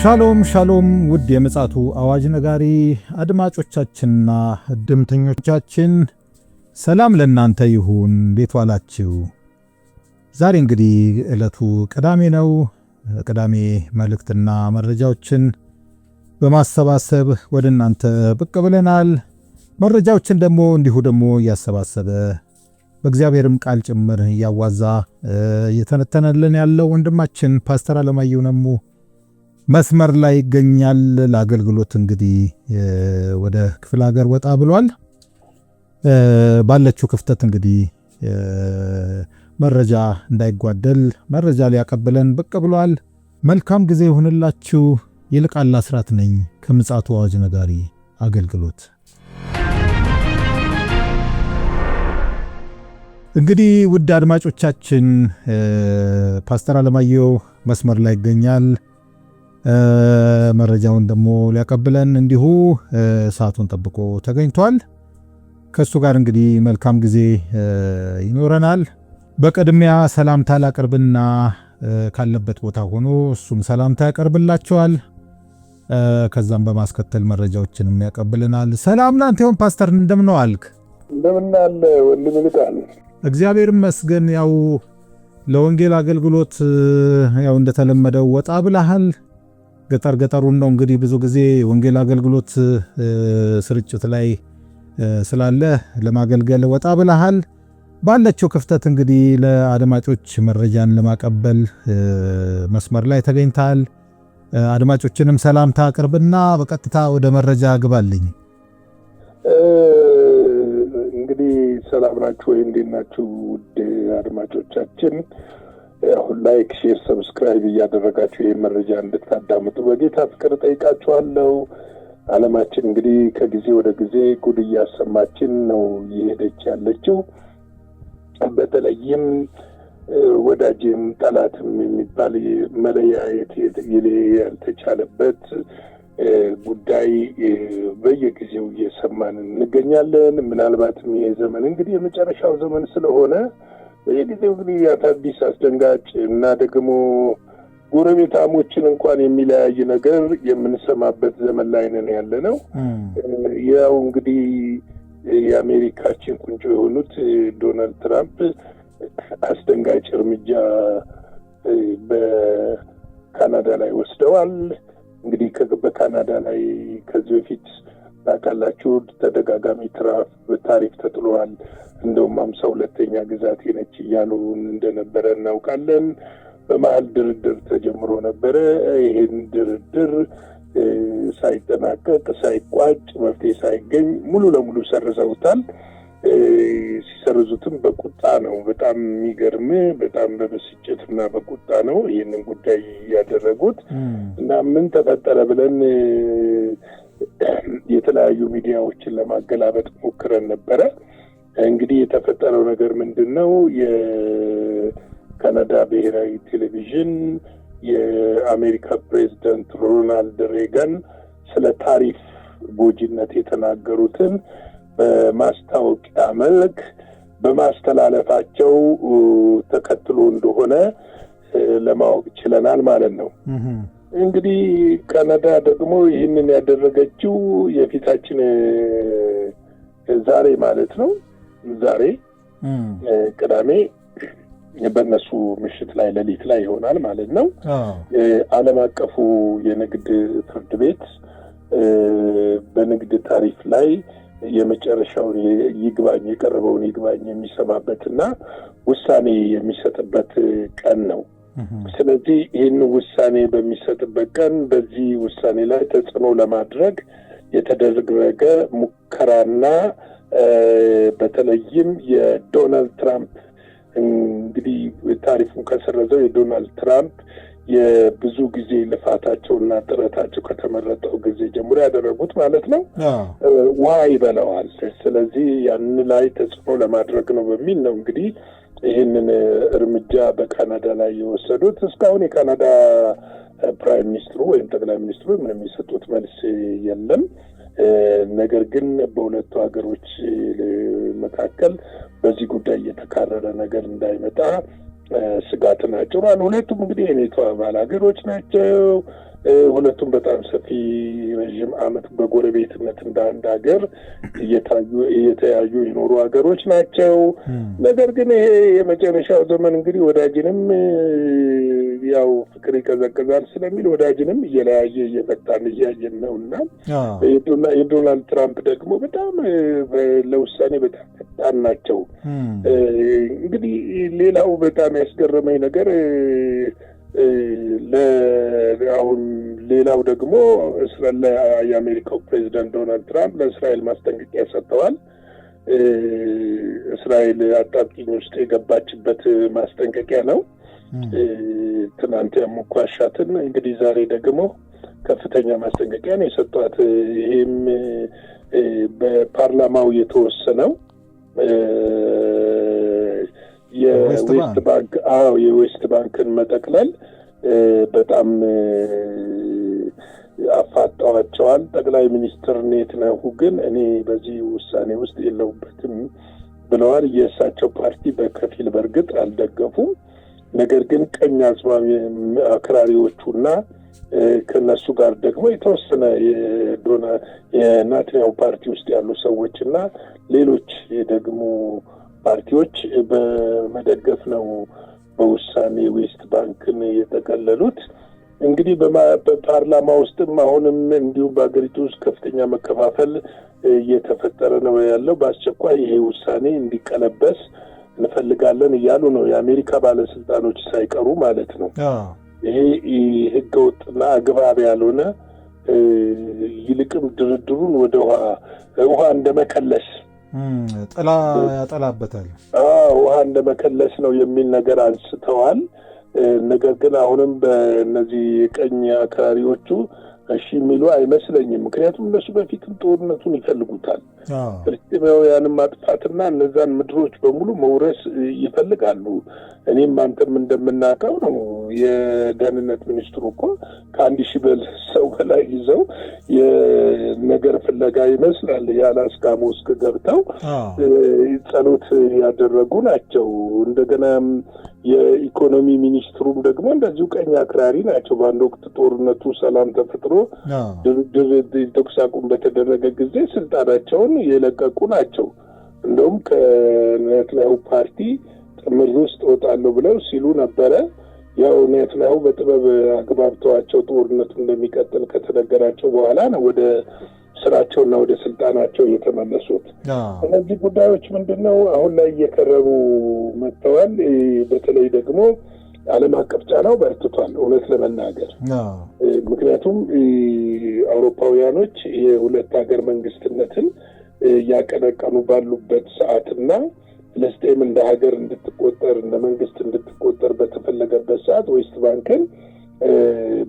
ሻሎም ሻሎም ውድ የምፅዓቱ አዋጅ ነጋሪ አድማጮቻችንና እድምተኞቻችን ሰላም ለእናንተ ይሁን። ቤት ዋላችሁ። ዛሬ እንግዲህ ዕለቱ ቅዳሜ ነው። ቅዳሜ መልእክትና መረጃዎችን በማሰባሰብ ወደ እናንተ ብቅ ብለናል። መረጃዎችን ደግሞ እንዲሁ ደግሞ እያሰባሰበ በእግዚአብሔርም ቃል ጭምር እያዋዛ እየተነተነልን ያለው ወንድማችን ፓስተር አለማየሁ ነሙ መስመር ላይ ይገኛል ለአገልግሎት እንግዲህ ወደ ክፍለ ሀገር ወጣ ብሏል። ባለችው ክፍተት እንግዲህ መረጃ እንዳይጓደል መረጃ ሊያቀብለን ብቅ ብሏል። መልካም ጊዜ ይሁንላችሁ። ይልቃል አስራት ነኝ ከምፅዓቱ አዋጅ ነጋሪ አገልግሎት። እንግዲህ ውድ አድማጮቻችን ፓስተር አለማየሁ መስመር ላይ ይገኛል። መረጃውን ደግሞ ሊያቀብለን እንዲሁ ሰዓቱን ጠብቆ ተገኝቷል። ከእሱ ጋር እንግዲህ መልካም ጊዜ ይኖረናል። በቅድሚያ ሰላምታ ላቅርብና ካለበት ቦታ ሆኖ እሱም ሰላምታ ያቀርብላቸዋል። ከዛም በማስከተል መረጃዎችንም ያቀብልናል። ሰላም ላንተ ይሁን ፓስተር፣ እንደምን ዋልክ? እንደምን ወንድም ልቃል። እግዚአብሔር ይመስገን። ያው ለወንጌል አገልግሎት ያው እንደተለመደው ወጣ ብለሃል። ገጠር ገጠሩን ነው እንግዲህ ብዙ ጊዜ ወንጌል አገልግሎት ስርጭት ላይ ስላለ ለማገልገል ወጣ ብለሃል። ባለችው ክፍተት እንግዲህ ለአድማጮች መረጃን ለማቀበል መስመር ላይ ተገኝታል። አድማጮችንም ሰላምታ አቅርብና በቀጥታ ወደ መረጃ ግባልኝ። እንግዲህ ሰላም ናችሁ ወይ? እንዴት ናችሁ? ውድ አድማጮቻችን አሁን ላይክ፣ ሼር፣ ሰብስክራይብ እያደረጋችሁ ይህ መረጃ እንድታዳምጡ በጌታ ፍቅር ጠይቃችኋለሁ። ዓለማችን እንግዲህ ከጊዜ ወደ ጊዜ ጉድ እያሰማችን ነው እየሄደች ያለችው። በተለይም ወዳጅም ጠላትም የሚባል መለያየት ያልተቻለበት ጉዳይ በየጊዜው እየሰማን እንገኛለን። ምናልባትም ይሄ ዘመን እንግዲህ የመጨረሻው ዘመን ስለሆነ በየጊዜው እንግዲህ አዳዲስ አስደንጋጭ እና ደግሞ ጎረቤታሞችን እንኳን የሚለያይ ነገር የምንሰማበት ዘመን ላይ ነን ያለ ነው። ያው እንግዲህ የአሜሪካችን ቁንጮ የሆኑት ዶናልድ ትራምፕ አስደንጋጭ እርምጃ በካናዳ ላይ ወስደዋል። እንግዲህ በካናዳ ላይ ከዚህ በፊት ታውቃላችሁ ተደጋጋሚ ታሪፍ ተጥሏል። እንደውም አምሳ ሁለተኛ ግዛቴ ነች እያሉ እንደነበረ እናውቃለን። በመሀል ድርድር ተጀምሮ ነበረ። ይህን ድርድር ሳይጠናቀቅ ሳይቋጭ መፍትሄ ሳይገኝ ሙሉ ለሙሉ ሰርዘውታል። ሲሰርዙትም በቁጣ ነው። በጣም የሚገርም በጣም በብስጭት እና በቁጣ ነው ይህንን ጉዳይ ያደረጉት እና ምን ተፈጠረ ብለን የተለያዩ ሚዲያዎችን ለማገላበጥ ሞክረን ነበረ። እንግዲህ የተፈጠረው ነገር ምንድን ነው? የካናዳ ብሔራዊ ቴሌቪዥን የአሜሪካ ፕሬዚደንት ሮናልድ ሬገን ስለ ታሪፍ ጎጂነት የተናገሩትን በማስታወቂያ መልክ በማስተላለፋቸው ተከትሎ እንደሆነ ለማወቅ ችለናል ማለት ነው። እንግዲህ ካናዳ ደግሞ ይህንን ያደረገችው የፊታችን ዛሬ ማለት ነው ዛሬ ቅዳሜ በእነሱ ምሽት ላይ ለሊት ላይ ይሆናል ማለት ነው። አለም አቀፉ የንግድ ፍርድ ቤት በንግድ ታሪፍ ላይ የመጨረሻውን ይግባኝ የቀረበውን ይግባኝ የሚሰማበት እና ውሳኔ የሚሰጥበት ቀን ነው። ስለዚህ ይህን ውሳኔ በሚሰጥበት ቀን በዚህ ውሳኔ ላይ ተጽዕኖ ለማድረግ የተደረገ ሙከራና በተለይም የዶናልድ ትራምፕ እንግዲህ ታሪፉን ከሰረዘው የዶናልድ ትራምፕ የብዙ ጊዜ ልፋታቸው እና ጥረታቸው ከተመረጠው ጊዜ ጀምሮ ያደረጉት ማለት ነው። ዋ ይበለዋል። ስለዚህ ያን ላይ ተጽዕኖ ለማድረግ ነው በሚል ነው እንግዲህ ይህንን እርምጃ በካናዳ ላይ የወሰዱት እስካሁን የካናዳ ፕራይም ሚኒስትሩ ወይም ጠቅላይ ሚኒስትሩ ምን የሚሰጡት መልስ የለም። ነገር ግን በሁለቱ ሀገሮች መካከል በዚህ ጉዳይ እየተካረረ ነገር እንዳይመጣ ስጋትን አጭሯል። ሁለቱም እንግዲህ የኔቶ አባል ሀገሮች ናቸው። ሁለቱም በጣም ሰፊ ረዥም ዓመት በጎረቤትነት እንደ አንድ ሀገር እየተያዩ የኖሩ ሀገሮች ናቸው። ነገር ግን ይሄ የመጨረሻው ዘመን እንግዲህ ወዳጅንም ያው ፍቅር ይቀዘቅዛል ስለሚል ወዳጅንም እየለያየ እየፈጣን እያየን ነው እና የዶናልድ ትራምፕ ደግሞ በጣም ለውሳኔ በጣም ፈጣን ናቸው። እንግዲህ ሌላው በጣም ያስገረመኝ ነገር አሁን ሌላው ደግሞ እስራኤል የአሜሪካው ፕሬዚደንት ዶናልድ ትራምፕ ለእስራኤል ማስጠንቀቂያ ሰጥተዋል። እስራኤል አጣብቂኝ ውስጥ የገባችበት ማስጠንቀቂያ ነው። ትናንት ያሞኳሻትን እንግዲህ ዛሬ ደግሞ ከፍተኛ ማስጠንቀቂያ ነው የሰጧት። ይህም በፓርላማው የተወሰነው የዌስት ባንክ አዎ የዌስት ባንክን መጠቅለል በጣም አፋጠዋቸዋል። ጠቅላይ ሚኒስትር ነሁ ግን እኔ በዚህ ውሳኔ ውስጥ የለውበትም ብለዋል። የእሳቸው ፓርቲ በከፊል በእርግጥ አልደገፉም። ነገር ግን ቀኝ አዝማሚ አክራሪዎቹና ከነሱ ጋር ደግሞ የተወሰነ የናትንያው ፓርቲ ውስጥ ያሉ ሰዎች እና ሌሎች ደግሞ ፓርቲዎች በመደገፍ ነው በውሳኔ ዌስት ባንክን የጠቀለሉት። እንግዲህ በፓርላማ ውስጥም አሁንም እንዲሁም በሀገሪቱ ውስጥ ከፍተኛ መከፋፈል እየተፈጠረ ነው ያለው። በአስቸኳይ ይሄ ውሳኔ እንዲቀለበስ እንፈልጋለን እያሉ ነው የአሜሪካ ባለስልጣኖች ሳይቀሩ ማለት ነው። ይሄ ህገወጥና አግባብ ያልሆነ ይልቅም ድርድሩን ወደ ውሃ ውሃ እንደመከለስ ጥላ ያጠላበታል፣ ውሃ እንደመከለስ ነው የሚል ነገር አንስተዋል። ነገር ግን አሁንም በእነዚህ የቀኝ አክራሪዎቹ እሺ የሚሉ አይመስለኝም። ምክንያቱም እነሱ በፊትም ጦርነቱን ይፈልጉታል። ፍልስጤማውያንን ማጥፋትና እነዛን ምድሮች በሙሉ መውረስ ይፈልጋሉ። እኔም አንተም እንደምናውቀው ነው። የደህንነት ሚኒስትሩ እኮ ከአንድ ሺህ በል ሰው በላይ ይዘው የነገር ፍለጋ ይመስላል የአላስካ ሞስክ ገብተው ጸሎት ያደረጉ ናቸው። እንደገና የኢኮኖሚ ሚኒስትሩም ደግሞ እንደዚሁ ቀኝ አክራሪ ናቸው። በአንድ ወቅት ጦርነቱ ሰላም ተፈጥሮ ድርድር ተኩስ አቁም በተደረገ ጊዜ ስልጣናቸውን የለቀቁ ናቸው። እንደውም ከኔታንያሁ ፓርቲ ጥምር ውስጥ እወጣለሁ ብለው ሲሉ ነበረ። ያው ኔታንያሁ በጥበብ አግባብተዋቸው ጦርነቱ እንደሚቀጥል ከተነገራቸው በኋላ ነው ወደ ስራቸውና ወደ ስልጣናቸው የተመለሱት። እነዚህ ጉዳዮች ምንድን ነው አሁን ላይ እየቀረቡ መጥተዋል። በተለይ ደግሞ ዓለም አቀፍ ጫናው በርትቷል፣ እውነት ለመናገር ምክንያቱም አውሮፓውያኖች የሁለት ሀገር መንግስትነትን እያቀነቀኑ ባሉበት ሰዓትና ፍልስጤም እንደ ሀገር እንድትቆጠር እንደ መንግስት እንድትቆጠር በተፈለገበት ሰዓት ዌስት ባንክን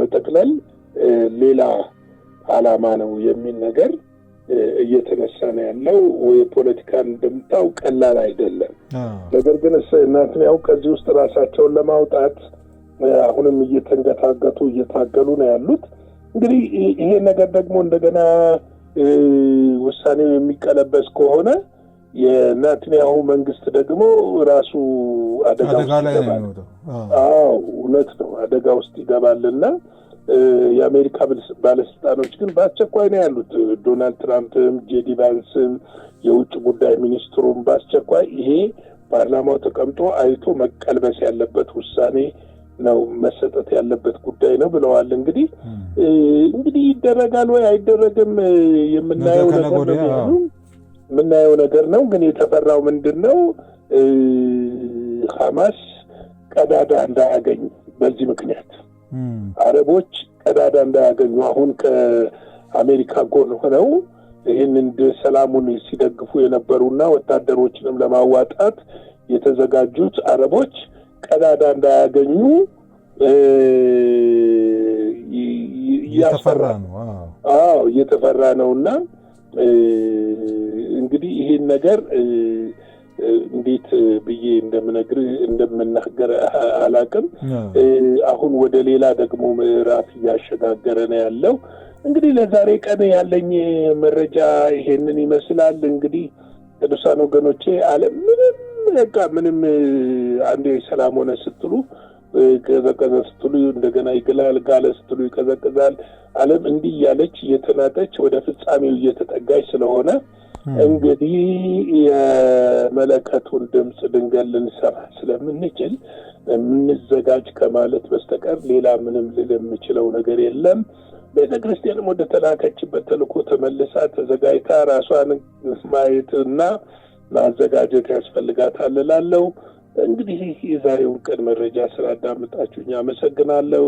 መጠቅለል ሌላ አላማ ነው የሚል ነገር እየተነሳ ነው ያለው። የፖለቲካን እንደምታው ቀላል አይደለም። ነገር ግን እናትን ያው ከዚህ ውስጥ ራሳቸውን ለማውጣት አሁንም እየተንገታገቱ እየታገሉ ነው ያሉት። እንግዲህ ይሄ ነገር ደግሞ እንደገና ውሳኔው የሚቀለበስ ከሆነ የናትንያሁ መንግስት ደግሞ ራሱ አደጋ ውስጥ ይገባል። አዎ እውነት ነው፣ አደጋ ውስጥ ይገባልና የአሜሪካ ባለስልጣኖች ግን በአስቸኳይ ነው ያሉት። ዶናልድ ትራምፕም ጄዲ ቫንስም የውጭ ጉዳይ ሚኒስትሩም በአስቸኳይ ይሄ ፓርላማው ተቀምጦ አይቶ መቀልበስ ያለበት ውሳኔ ነው መሰጠት ያለበት ጉዳይ ነው ብለዋል። እንግዲህ እንግዲህ ይደረጋል ወይ አይደረግም የምናየው ነገር ነው የምናየው ነገር ነው። ግን የተፈራው ምንድን ነው ሐማስ ቀዳዳ እንዳያገኝ በዚህ ምክንያት አረቦች ቀዳዳ እንዳያገኙ አሁን ከአሜሪካ ጎን ሆነው ይህንን ሰላሙን ሲደግፉ የነበሩና ወታደሮችንም ለማዋጣት የተዘጋጁት አረቦች ቀዳዳ እንዳያገኙ እያፈራ ነው። እየተፈራ ነው እና እንግዲህ ይህን ነገር እንዴት ብዬ እንደምነግር እንደምናገር አላቅም። አሁን ወደ ሌላ ደግሞ ምዕራፍ እያሸጋገረ ነው ያለው። እንግዲህ ለዛሬ ቀን ያለኝ መረጃ ይሄንን ይመስላል። እንግዲህ ቅዱሳን ወገኖቼ አለ ምንም በቃ ምንም አንዴ ሰላም ሆነ ስትሉ ቀዘቀዘ ስትሉ እንደገና ይግላል፣ ጋለ ስትሉ ይቀዘቅዛል። ዓለም እንዲህ እያለች እየተናጠች ወደ ፍጻሜው እየተጠጋች ስለሆነ እንግዲህ የመለከቱን ድምፅ ድንገት ልንሰማ ስለምንችል የምንዘጋጅ ከማለት በስተቀር ሌላ ምንም ልል የምችለው ነገር የለም። ቤተ ክርስቲያንም ወደ ተላከችበት ተልእኮ ተመልሳ ተዘጋጅታ ራሷን ማየትና ማዘጋጀት ያስፈልጋታል እላለሁ። እንግዲህ የዛሬውን ቀን መረጃ ስላዳመጣችሁኝ አመሰግናለሁ።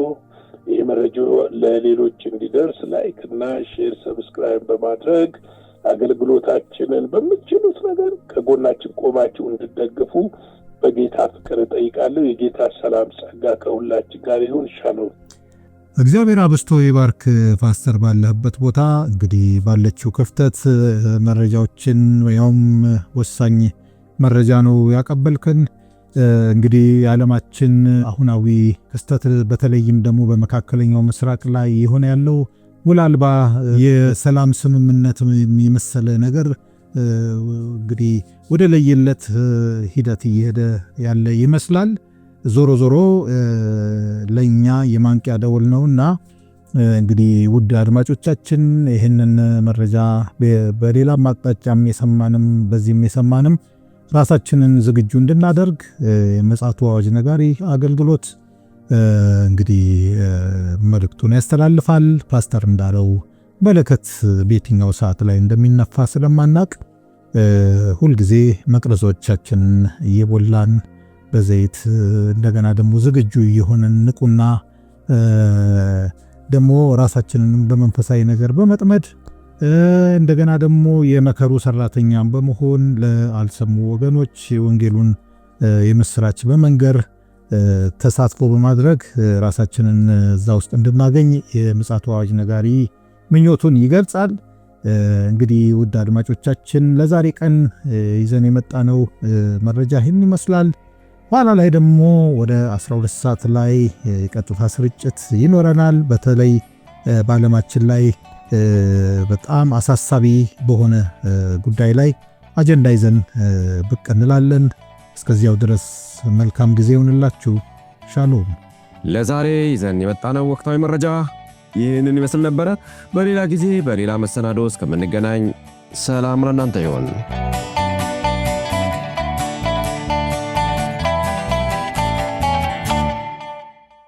ይህ መረጃ ለሌሎች እንዲደርስ ላይክ እና ሼር፣ ሰብስክራይብ በማድረግ አገልግሎታችንን በምችሉት ነገር ከጎናችን ቆማችሁ እንድደግፉ በጌታ ፍቅር እጠይቃለሁ። የጌታ ሰላም ጸጋ ከሁላችን ጋር ይሁን። ሻሎም። እግዚአብሔር አብስቶ ይባርክ። ፓስተር ባለህበት ቦታ እንግዲህ ባለችው ክፍተት መረጃዎችን ወይም ወሳኝ መረጃ ነው ያቀበልክን። እንግዲህ የዓለማችን አሁናዊ ክስተት በተለይም ደግሞ በመካከለኛው ምስራቅ ላይ የሆነ ያለው ውል አልባ የሰላም ስምምነት የመሰለ ነገር እንግዲህ ወደ ለየለት ሂደት እየሄደ ያለ ይመስላል። ዞሮ ዞሮ ለእኛ የማንቂያ ደወል እና እንግዲህ ውድ አድማጮቻችን ይህንን መረጃ በሌላም አቅጣጫም የሰማንም በዚህም የሰማንም ራሳችንን ዝግጁ እንድናደርግ የምፅዓቱ አዋጅ ነጋሪ አገልግሎት እንግዲህ መልእክቱን ያስተላልፋል። ፓስተር እንዳለው መለከት በየትኛው ሰዓት ላይ እንደሚነፋ ስለማናቅ ሁልጊዜ መቅረዞቻችን እየቦላን በዘይት እንደገና ደግሞ ዝግጁ እየሆንን ንቁና ደግሞ ራሳችንን በመንፈሳዊ ነገር በመጥመድ እንደገና ደግሞ የመከሩ ሰራተኛም በመሆን ለአልሰሙ ወገኖች ወንጌሉን የምስራች በመንገር ተሳትፎ በማድረግ ራሳችንን እዛ ውስጥ እንድናገኝ የምፅዓቱ አዋጅ ነጋሪ ምኞቱን ይገልጻል። እንግዲህ ውድ አድማጮቻችን ለዛሬ ቀን ይዘን የመጣነው መረጃ ይህን ይመስላል። ኋላ ላይ ደግሞ ወደ 12 ሰዓት ላይ የቀጥታ ስርጭት ይኖረናል። በተለይ በዓለማችን ላይ በጣም አሳሳቢ በሆነ ጉዳይ ላይ አጀንዳ ይዘን ብቅ እንላለን። እስከዚያው ድረስ መልካም ጊዜ ይሁንላችሁ። ሻሎም። ለዛሬ ይዘን የመጣነው ወቅታዊ መረጃ ይህንን ይመስል ነበረ። በሌላ ጊዜ በሌላ መሰናዶ እስከምንገናኝ ሰላም ለእናንተ ይሆን።